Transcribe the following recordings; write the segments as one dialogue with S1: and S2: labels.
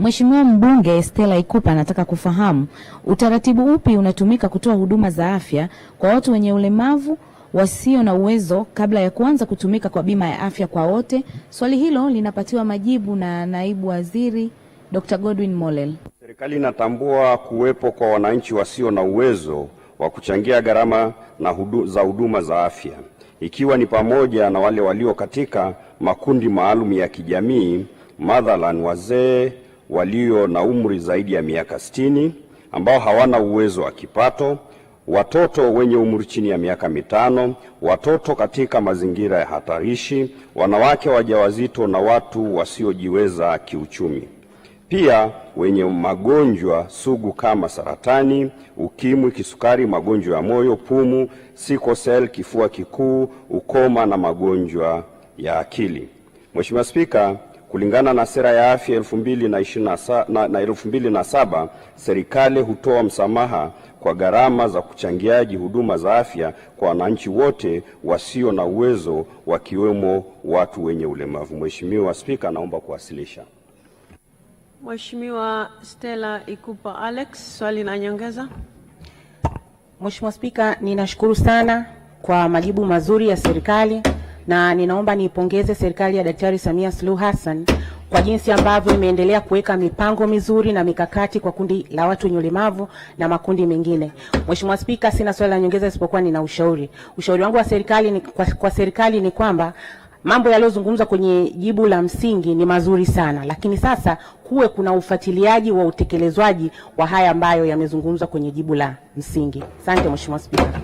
S1: Mheshimiwa mbunge Stella Ikupa anataka kufahamu utaratibu upi unatumika kutoa huduma za afya kwa watu wenye ulemavu wasio na uwezo kabla ya kuanza kutumika kwa bima ya afya kwa wote. Swali hilo linapatiwa majibu na naibu waziri Dr. Godwin Mollel.
S2: Serikali inatambua kuwepo kwa wananchi wasio na uwezo wa kuchangia gharama na hudu, za huduma za afya ikiwa ni pamoja na wale walio katika makundi maalum ya kijamii, mathalan wazee walio na umri zaidi ya miaka sitini ambao hawana uwezo wa kipato, watoto wenye umri chini ya miaka mitano, watoto katika mazingira ya hatarishi, wanawake wajawazito na watu wasiojiweza kiuchumi, pia wenye magonjwa sugu kama saratani, ukimwi, kisukari, magonjwa ya moyo, pumu, sikosel, kifua kikuu, ukoma na magonjwa ya akili. Mheshimiwa Spika, Kulingana na sera ya afya elfu mbili na ishirini na elfu mbili na saba, serikali hutoa msamaha kwa gharama za kuchangiaji huduma za afya kwa wananchi wote wasio na uwezo wakiwemo watu wenye ulemavu. Mheshimiwa Spika, naomba kuwasilisha.
S3: Mheshimiwa Stella Ikupa Alex, swali na nyongeza.
S4: Mheshimiwa Spika, ninashukuru sana kwa majibu mazuri ya serikali na ninaomba niipongeze serikali ya Daktari Samia Suluhu Hassan kwa jinsi ambavyo imeendelea kuweka mipango mizuri na mikakati kwa kundi la watu wenye ulemavu na makundi mengine. Mheshimiwa Spika, sina swali la nyongeza isipokuwa nina ushauri. Ushauri wangu wa serikali ni, kwa, kwa serikali ni kwamba mambo yaliyozungumzwa kwenye jibu la msingi ni mazuri sana, lakini sasa kuwe kuna ufuatiliaji wa utekelezwaji wa haya ambayo yamezungumzwa kwenye jibu la msingi. Asante Mheshimiwa Spika.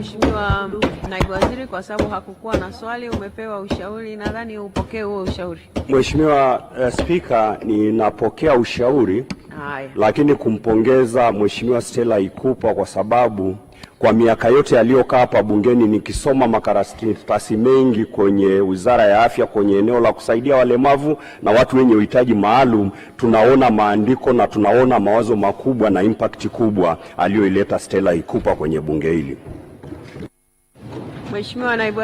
S3: Mheshimiwa Naibu Waziri, kwa sababu hakukuwa na swali, umepewa ushauri, nadhani upokee huo ushauri.
S2: Mheshimiwa uh, eh, Spika, ninapokea ushauri Hai. Lakini kumpongeza Mheshimiwa Stella Ikupa kwa sababu kwa miaka yote aliyokaa hapa bungeni nikisoma makaratasi mengi kwenye Wizara ya Afya kwenye eneo la kusaidia walemavu na watu wenye uhitaji maalum, tunaona maandiko na tunaona mawazo makubwa na impact kubwa aliyoileta Stella Ikupa kwenye bunge hili. Mheshimiwa Naibu